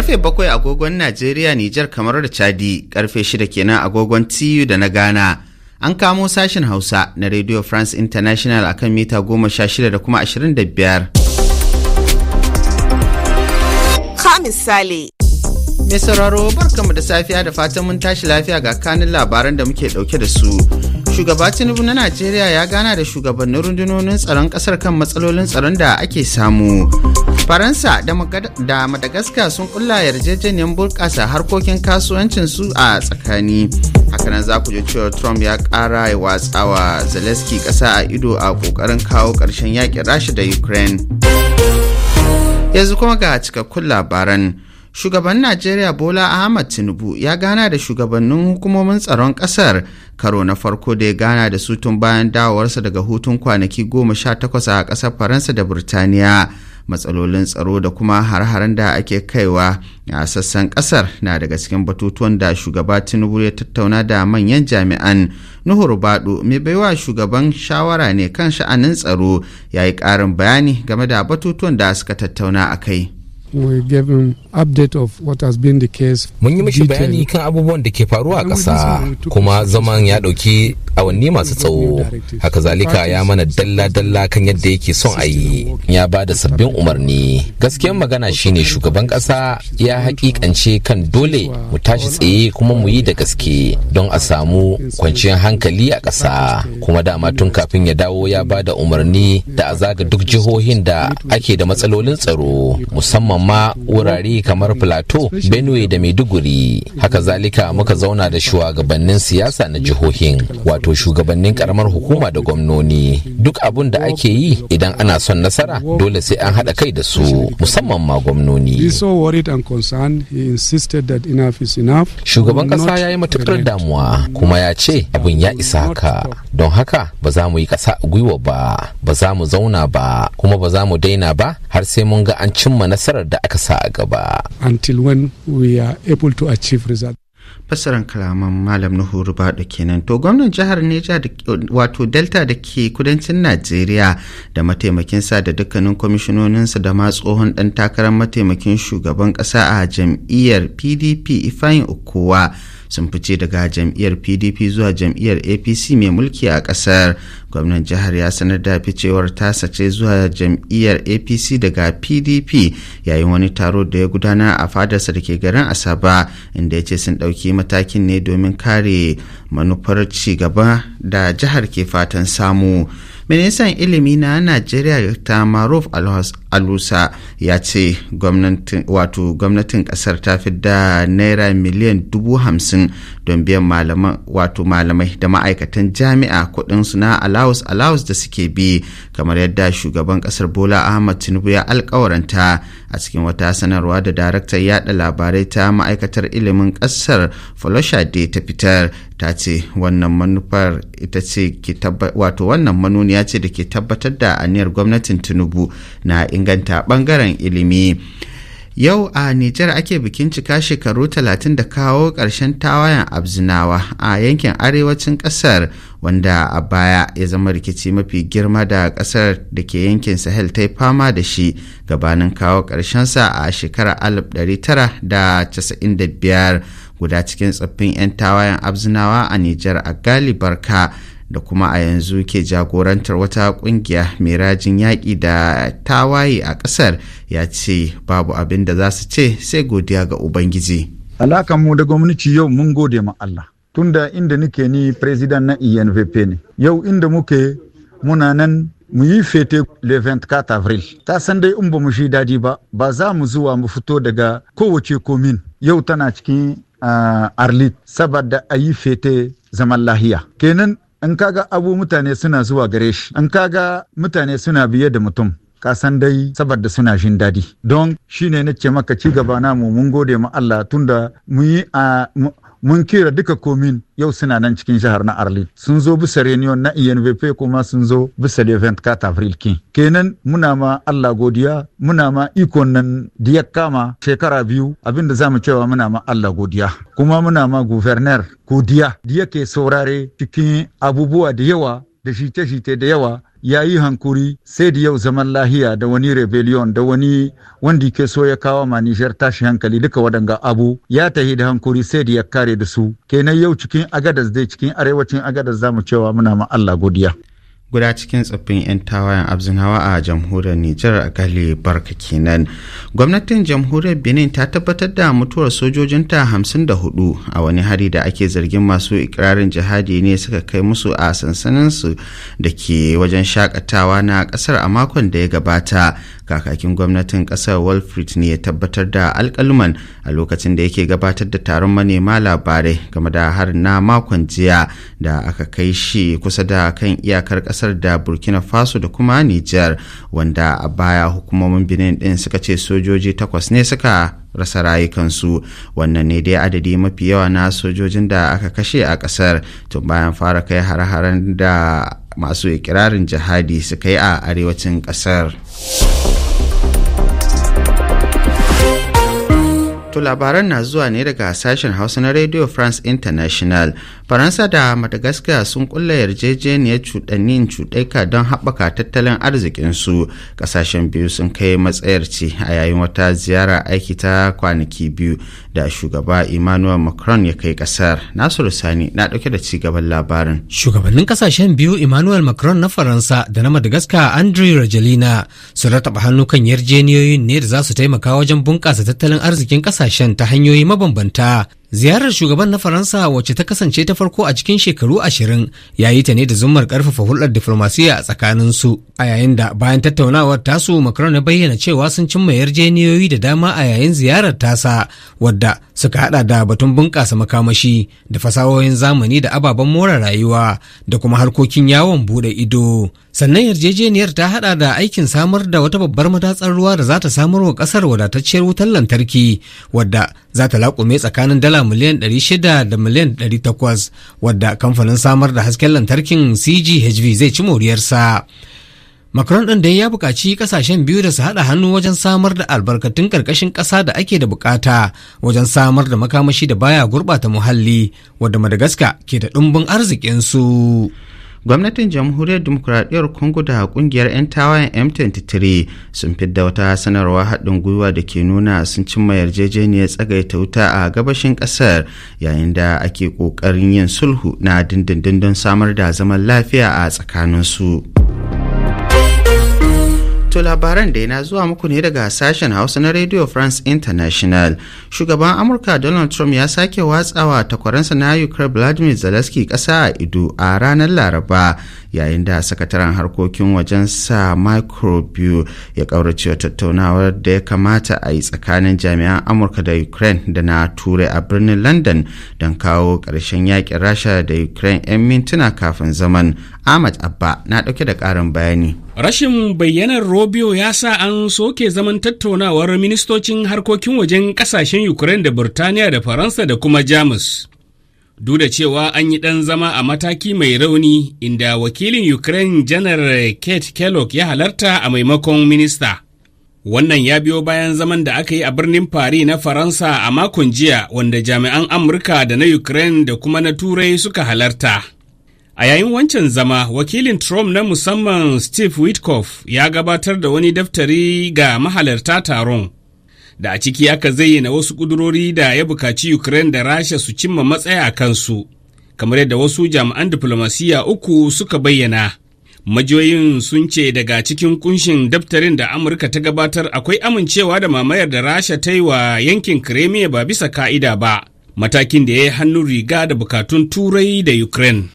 Karfe bakwai agogon Najeriya Nijar kamar da Chadi, karfe shida kenan agogon TU da na Ghana. An kamo sashen Hausa na Radio France International akan mita goma sha shida da kuma ashirin da biyar. misali. Mai sauraro barkamu da safiya da fatan mun tashi lafiya ga kanin labaran da muke dauke da su. shugaba tinubu na najeriya ya gana da shugabannin rundunonin tsaron kasar kan matsalolin tsaron da ake samu faransa da madagascar sun kulla yarjejeniyar bunƙasa harkokin kasuwancin su a tsakani hakanan za ku ji cewa trump ya ƙara ya watsawa Zaleski ƙasa a ido a ƙoƙarin kawo ƙarshen yaƙin rasha da ukraine yanzu kuma ga cikakkun labaran shugaban najeriya bola ahmad tinubu ya gana da shugabannin hukumomin tsaron ƙasar karo na farko da ya gana da su tun bayan dawowarsa daga hutun kwanaki goma sha takwas a ƙasar faransa da burtaniya matsalolin tsaro da kuma har-haren da ake kaiwa a sassan ƙasar na daga cikin batutuwan da shugaba tinubu ya tattauna da manyan jami'an nuhuru Baɗo mai baiwa shugaban shawara ne kan sha'anin tsaro ya yi ƙarin bayani game da batutuwan da suka tattauna a kai we gave him update of what has been the case. Mun yi mishi bayani kan abubuwan da ke faruwa a ƙasa kuma zaman ya ɗauki awanni masu tsawo. Haka zalika ya mana dalla-dalla kan yadda yake son a yi ya ba da sabbin umarni. Gaskiyan magana shine shugaban ƙasa ya haƙiƙance kan dole mu tashi tsaye kuma mu yi da gaske don a samu kwanciyar hankali a ƙasa. Kuma dama tun kafin ya dawo ya ba da umarni da a zaga duk jihohin da ake da matsalolin tsaro musamman musamman ma wurare kamar plateau benue da maiduguri haka zalika muka zauna da shugabannin siyasa na jihohin wato shugabannin karamar hukuma da gwamnoni duk abun da ake yi idan ana son nasara dole sai an haɗa kai da su musamman ma gwamnoni shugaban ƙasa ya yi matukar damuwa kuma ya ce abin ya isa haka don haka ba za mu yi ƙasa gwiwa ba ba za mu zauna ba kuma ba za mu daina ba har sai mun ga an cimma nasarar da aka sa a gaba. Until when we are able to achieve results. fassarar kalaman malam nuhu rubado kenan to gwamnan jihar neja wato delta da ke kudancin najeriya da mataimakin sa da dukkanin kwamishinoninsa da ma tsohon dan takarar mataimakin shugaban kasa a jam'iyyar pdp ifayin ukuwa sun fice daga jam'iyyar pdp zuwa jam'iyyar apc mai mulki a kasar gwamnan jihar ya sanar da ficewar tasace sace zuwa jam'iyyar apc daga pdp yayin wani taro da ya gudana a fadarsa da ke garin asaba inda ya ce sun ɗauki matakin ne domin kare manufar gaba da jihar ke fatan samu ministan ilimi na najeriya ta maruf alusa ya ce gwamnatin kasar ta fi da naira miliyan dubu hamsin don biyan wato malamai da ma'aikatan jami'a kudinsu na allowance allowance da suke bi kamar yadda shugaban kasar bola ahmad tinubu ya alkawaranta a cikin wata sanarwa da daraktar yada labarai ta ma'aikatar ilimin ƙasar falosha da ta fitar ta ce wannan manufar ita ce ke wato wannan manuniya ce da ke tabbatar da aniyar gwamnatin tinubu na inganta bangaren ilimi Yau a Nijar ake bikin cika shekaru talatin da kawo ƙarshen tawayan abzinawa a yankin arewacin ƙasar wanda a baya ya zama rikici mafi girma da ƙasar da ke yankin Sahel ta fama da shi gabanin kawo ƙarshensa a shekarar biyar guda cikin tsaffin 'yan tawayan abzinawa a Nijar a galibarka. da kuma a yanzu ke jagorantar wata kungiya mai rajin yaƙi da tawaye a ƙasar ya ce babu abin da za su ce sai godiya ga ubangiji mu da gwamnati yau mun gode ma Allah tunda inda nike ni president na ENVP ne yau inda muke muna nan mu yi fete le 24 avril ta san dai in ba mu shi daɗi ba ba za mu zuwa mu fito daga kowace komin yau tana cikin uh, arlit saboda a yi fete zaman lahiya kenan in kaga abu mutane suna zuwa gare shi in kaga mutane suna biye da mutum kasan dai saboda suna jin daɗi don shine nake maka ci gaba na mu. mun gode ma Allah tunda mu yi a mun kira duka komin yau suna nan cikin jihar na arlin sun zo bisa reunion na envp kuma sun zo bisa levent 24 avril kin kenan muna ma allah godiya muna ma ikon nan da kama shekara biyu abinda zamu cewa muna ma allah godiya kuma muna ma guverner godiya da yake saurare cikin abubuwa da yawa da shite-shite da yawa ya yi hankuri sai da yau zaman lahiya da wani rebellion da wani wanda ke so ya kawo ma Nijar tashi hankali duka waɗanga abu ya tahi da hankuri sai da ya kare da su kenan yau cikin agadas dai cikin arewacin agadas zamu cewa muna ma Allah godiya guda cikin tsoffin 'yan tawayen abzinawa a jamhuriyar Nijar Gali Barka kenan. Gwamnatin jamhuriyar Benin ta tabbatar da mutuwar sojojinta hamsin da hudu a wani hari da ake zargin masu ikirarin jihadi ne suka kai musu a sansaninsu da ke wajen shakatawa na kasar a makon da ya gabata. Kakakin gwamnatin kasar walfrit ne ya tabbatar da alkaluman a lokacin da yake gabatar da taron manema labarai game da harin na makon jiya da aka kai shi kusa da kan iyakar kasar kasar da burkina faso da kuma niger wanda a baya hukumomin benin din suka ce sojoji takwas ne suka rasa rayukansu wannan ne dai adadi mafi yawa na sojojin da aka kashe a kasar tun bayan fara kai har haren da masu ikirarin jihadi suka yi a arewacin kasar. To labaran na zuwa ne daga sashen Hausa na Radio France International. Faransa da Madagascar sun kulla yarjejeniyar cuɗannin cuɗaika don haɓaka tattalin arzikinsu. Ƙasashen biyu sun kai matsayarci a yayin wata ziyara aiki ta kwanaki biyu da shugaba Emmanuel Macron ya kai ƙasar. Nasiru Sani na ɗauke da ci gaban labarin. Shugabannin ƙasashen biyu Emmanuel Macron na Faransa da na Madagascar Andre Rajelina sun rataɓa hannu kan yarjeniyoyin ne da za su taimaka wajen bunƙasa tattalin arzikin ƙasa kasashen ta hanyoyi mabambanta ziyarar shugaban na faransa wacce ta kasance ta farko a cikin shekaru ashirin ya yi ta ne da zummar karfafa hulɗar diflomasiyya a su a yayin da bayan tattaunawar tasu macron ya bayyana cewa sun cimma yarjejeniyoyi da dama a yayin ziyarar tasa wadda suka hada da batun bunƙasa makamashi da fasahohin zamani da ababen more rayuwa da kuma harkokin yawon buɗe ido sannan yarjejeniyar ta hada da aikin samar da wata babbar matatsar ruwa da za ta samar wa ƙasar wadatacciyar wutar lantarki wadda za ta laƙume tsakanin dala miliyan 600 da miliyan 800 wadda kamfanin samar da hasken lantarkin cghv zai ci moriyarsa macron ɗin dai ya buƙaci ƙasashen biyu da su haɗa hannu wajen samar da albarkatun ƙarƙashin ƙasa da ake da buƙata wajen samar da makamashi da baya gurɓata muhalli wadda madagascar ke da ɗumbin arzikinsu. gwamnatin jamhuriyar demokuraɗiyar congo da ƙungiyar 'yan tawayen m23 sun fi da wata sanarwa haɗin gwiwa da ke nuna sun cimma yarjejeniyar tsagaita wuta a gabashin ƙasar yayin da ake ƙoƙarin yin sulhu na dindindin don samar da zaman lafiya a tsakaninsu. To labaran da yana zuwa muku ne daga sashen Hausa na Radio France International. Shugaban Amurka Donald Trump ya sake watsawa takwaransa na Ukraine Vladimir Zelensky ƙasa a ido a ranar Laraba yayin da sakataren harkokin wajen sa microbial ya kauracewa tattaunawar da ya kamata a yi tsakanin jami'an amurka da ukraine da na turai a birnin london don kawo karshen yakin rasha da ukraine 'yan mintuna kafin zaman ahmad abba na ɗauke da ƙarin bayani rashin bayyanar robio ya sa an soke zaman tattaunawar ministocin harkokin wajen ƙasashen ukraine da burtaniya da faransa da kuma jamus duk da cewa an yi ɗan zama a mataki mai rauni inda wakilin ukraine janar kate kellogg ya halarta a maimakon minista wannan ya biyo bayan zaman da aka yi a birnin paris na faransa a makon jiya wanda jami'an amurka da na ukraine da kuma na turai suka halarta a yayin wancan zama wakilin trump na musamman steve witkoff ya gabatar da wani daftari ga mahalarta taron da a ciki aka zayyana wasu ƙudurori da ya bukaci Ukraine da Rasha su cimma matsaya a kansu, kamar yadda wasu jami'an diflomasiyya uku suka bayyana. Majoyin sun ce daga cikin kunshin daftarin da Amurka ta gabatar akwai amincewa da mamayar da Rasha ta yi wa yankin Crimea ba bisa ka'ida ba, matakin da ya yi hannun riga da bukatun Turai da Ukraine.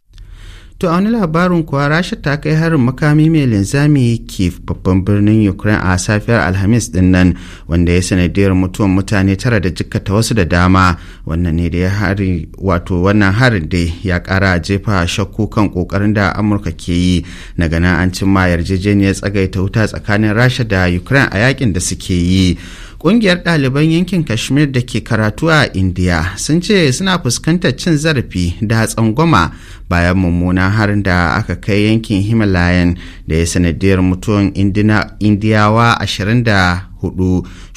To a wani labarin kuwa Rasha ta kai harin makami mai linzami kif babban birnin Ukraine a safiyar Alhamis din nan wanda ya sanadiyar mutuwan mutane tara da jikkata wasu da dama wannan ne da ya hari wato wannan harin dai ya kara jefa shakku kan kokarin da Amurka ke yi na ganin an cimma yarjejeniyar tsagaita wuta tsakanin Rasha da Ukraine a yakin da suke yi. Ƙungiyar ɗaliban yankin Kashmir da ke karatu a Indiya sun ce suna fuskantar cin zarafi da tsangwama bayan mummuna har da aka kai yankin Himalayan da ya sanadiyar mutuwan Indiyawa 24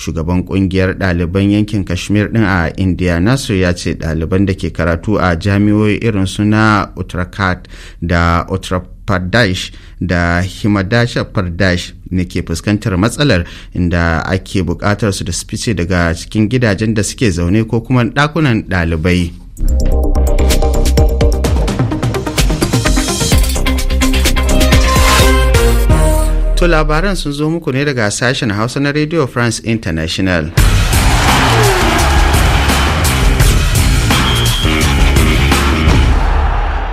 shugaban ƙungiyar ɗaliban yankin Kashmir ɗin a Indiya Nasir ya ce ɗaliban da ke karatu a jami'o'i irin suna Uttarakhand da Uttarakhand pardash da Himadasha pardash ne ke fuskantar matsalar inda ake bukatar su da su fice daga cikin gidajen da suke zaune ko kuma dakunan dalibai. To labaran sun zo muku ne daga sashen Hausa na Radio France International.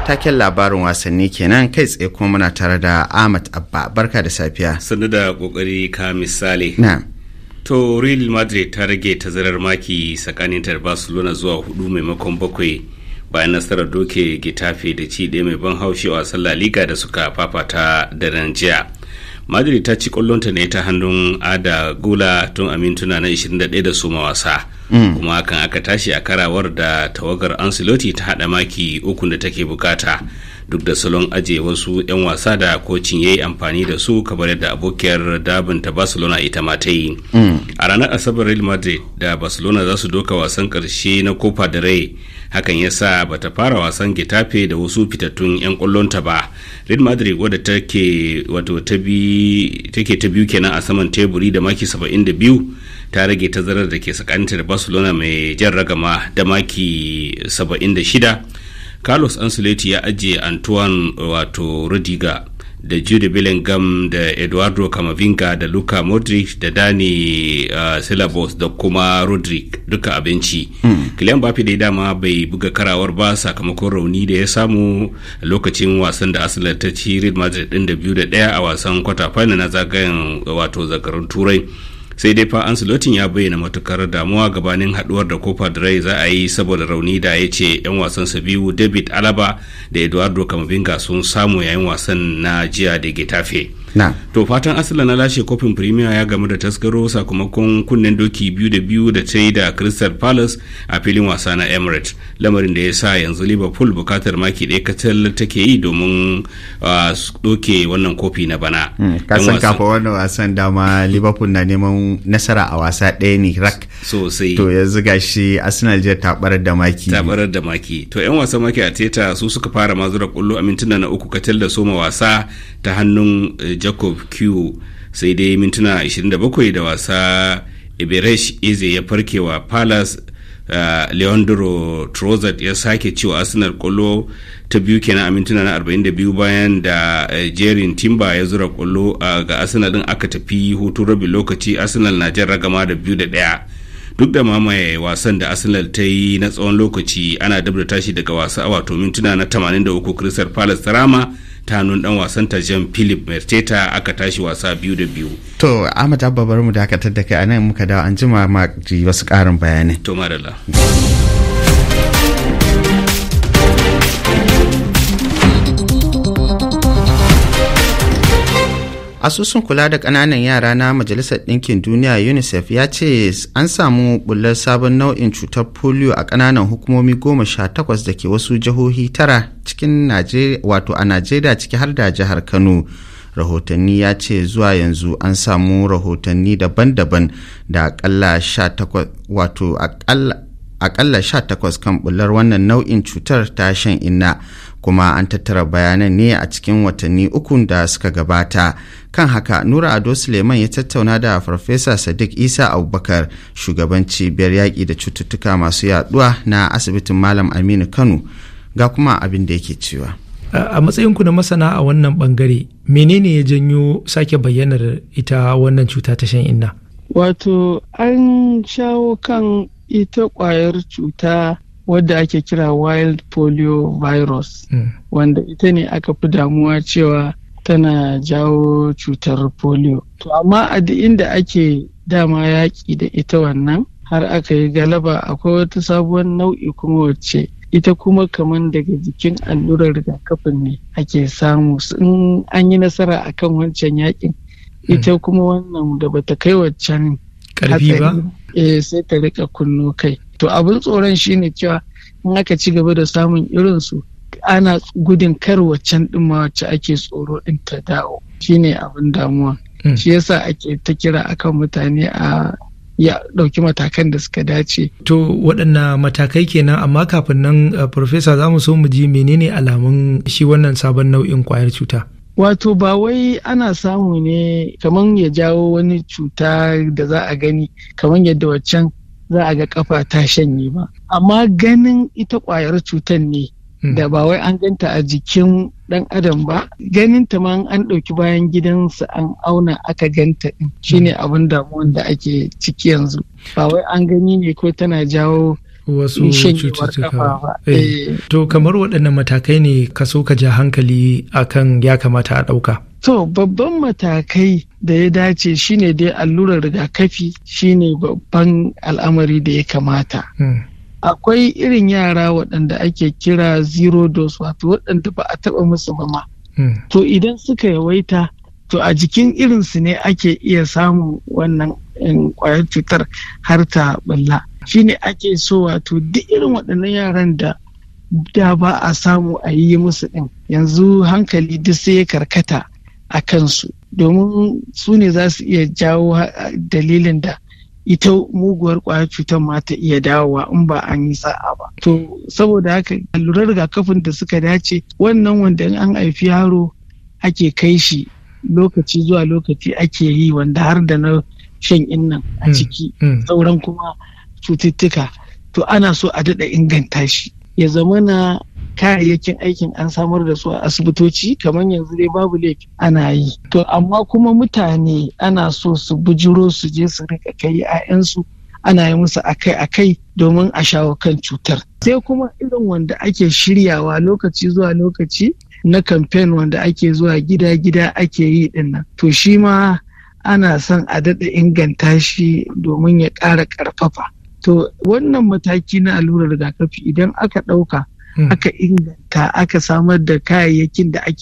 taken labarin wasanni kenan kai tsaye kuma muna tare da ahmad abba barka da safiya sannu da kokari ka misali na to real madrid ta rage tazarar maki tsakanin ta barcelona zuwa hudu maimakon bakwai bayan nasarar doke getafe da ci ɗaya mai ban haushi a wasan la liga da suka fafata da jiya madrid ta ci kwallonta ne ta hannun ada gula tun a mintuna na 21 da soma wasa Mm. kuma hakan aka tashi a karawar da tawagar ancelotti ta hada maki uku da take bukata duk da salon aje wasu 'yan wasa da kocin ya yi amfani da su kamar yadda abokiyar dabinta ta barcelona ita ma ta yi mm. a ranar asabar real madrid da barcelona za su doka wasan karshe na copa da rai hakan ya sa ba ta fara wasan getafe da wasu fitattun 'yan kwallonta ba real madrid wadda take ta biyu kenan a saman teburi da maki 72 ta rage tazarar da ke tsakaninta da barcelona mai jan ragama da maki 76 carlos ancelotti ya ajiye antoine wato rudiga da jude bellingham da eduardo camavinga da luka modric da dani uh, silabos da kuma rodrick duka abinci mm. bafi da dama bai buga karawar ba sakamakon rauni da ya samu lokacin wasan da asalar ta ci real madrid din da biyu da daya a wasan kwata final na zagayen wato zakarun turai sai dai fa silotin ya bayyana matukar damuwa gabanin haduwar da copa da rai za a yi saboda rauni da ya ce yan wasan sa biyu david alaba da eduardo camavinga sun samu yayin wasan na jiya da getafe to fatan asila na lashe kofin premier ya gamu da taskaro sakamakon kunnen doki biyu da biyu da ta yi da crystal palace a filin wasa na emirates lamarin da ya sa yanzu liverpool bukatar maki ɗaya katal take yi domin doke ah, wannan kofi na bana hmm, kasan kafa wannan wasan dama liverpool na neman nasara a wasa ɗaya ne rak sosai to yanzu gashi arsenal jiya tabarar da maki tabarar da maki to yan wasan maki a teta su suka fara mazura kullu a mintuna na uku katal da soma wasa ta hannun eh, jacob q sai dai mintuna 27 da wasa iberesh eze ya farkewa palace Uh, leandro trozat ya sake cewa arsenal kwallo ta biyu kenan a mintuna na 42 bayan da jerin timba ya zura kwallo uh, ga arsenal din aka tafi hutu rabin lokaci arsenal na jan ragama da biyu da daya duk da mamaye wasan da arsenal ta yi na tsawon lokaci ana dabda tashi daga wasa a wato mintuna na 83 crystal palace ta rama ta dan wasan ta jan philip merteta aka tashi wasa biyu da biyu to ahmad abba bari mu dakatar da kai anan muka dawo an jima ma wasu karin bayanai to madalla asusun kula da ƙananan yara na majalisar ɗinkin duniya unicef ya ce an samu bullar sabon nau'in cutar polio a ƙananan hukumomi goma sha takwas da ke wasu jihohi tara cikin wato a najeriya ciki har da jihar kano rahotanni ya ce zuwa yanzu an samu rahotanni daban-daban da akalla sha takwas kan bular wannan nau'in cutar ta shan inna kuma an tattara bayanan ne a cikin watanni uku da suka gabata kan haka nura ado suleiman ya tattauna da farfesa sadiq isa abubakar shugaban cibiyar yaƙi da cututtuka masu yaduwa na asibitin malam aminu kano ga kuma abin da yake cewa a matsayinku na masana a wannan bangare menene ya janyo sake bayyanar ita wannan cuta ta shan inna wato an shawo kan ita kwayar cuta wadda ake kira wild polio virus hmm. wanda ita ne aka fi damuwa cewa tana jawo cutar polio to amma a duk inda ake dama yaƙi da ita wannan har aka yi galaba akwai wata sabuwar nau'i kuma wacce ita kuma kamar daga jikin allurar rigakafin ne ake samu in an yi nasara akan wancan yaƙin, ita hmm. kuma wannan da bata kai wancan karfi ba eh sai ta rika kunno kai to abin tsoron shine cewa in aka ci gaba da samun irinsu ana gudun kar waccan ɗin ma wacce ake tsoro ɗin ta dawo shine abin damuwa hmm. shi yasa ake ta kira akan mutane a ya ɗauki matakan da suka dace. To waɗanna matakai kenan amma kafin nan eh, Profesa za mu so mu ji menene alamun shi wannan sabon nau'in kwayar cuta. Wato ba wai ana samu ne kaman ya jawo wani cuta da za a gani kaman yadda waccan za a ga kafa ta shanye ba. Amma ganin ita kwayar cutar ne Mm. da ba wai an ganta a jikin dan adam ba ganin ta ma an ɗauki bayan gidansa an auna aka ganta din shine mm. abin damuwan da ake ciki yanzu ba wai an gani ne ko tana jawo wasu cututtuka eh. Eh. to kamar waɗannan matakai ne ka so ka ja hankali akan ya kamata a ɗauka to babban matakai da ya dace shine dai allurar rigakafi shine babban al'amari da ya kamata mm. akwai irin yara waɗanda ake kira zero dose wato waɗanda ba a taɓa musu ba ma hmm. to idan suka yawaita to a jikin irinsu ne ake iya samun wannan kwayar eh, cutar har ta balla shine ake so wato duk irin waɗannan yaran da da ba a samu a yi musu ɗin yanzu hankali duk sai ya karkata a kansu domin su ne za su iya jawo dalilin da ita muguwar kwayar cutar ma ta iya dawowa in ba an yi sa'a ba to saboda haka allurar rigakafin da suka dace wannan wanda in an haifi yaro ake kai shi lokaci zuwa lokaci ake yi wanda har da na shan innan a hmm. ciki hmm. sauran kuma cututtuka to ana so a daɗa inganta shi ya zama kayayyakin aikin an samar da su a asibitoci kamar yanzu dai babu laifi ana yi to amma kuma mutane ana so su bujiro su je su rika kai 'ya'yansu ana yi musu akai-akai domin a shawo kan cutar sai kuma irin wanda ake shiryawa lokaci zuwa lokaci na kamfen wanda ake zuwa gida-gida ake yi dinnan to shi ma ana son a daɗa inganta shi domin ya ƙara ƙarfafa to wannan mataki na allurar rigakafi idan aka ɗauka aka inganta aka samar da kayayyakin da ake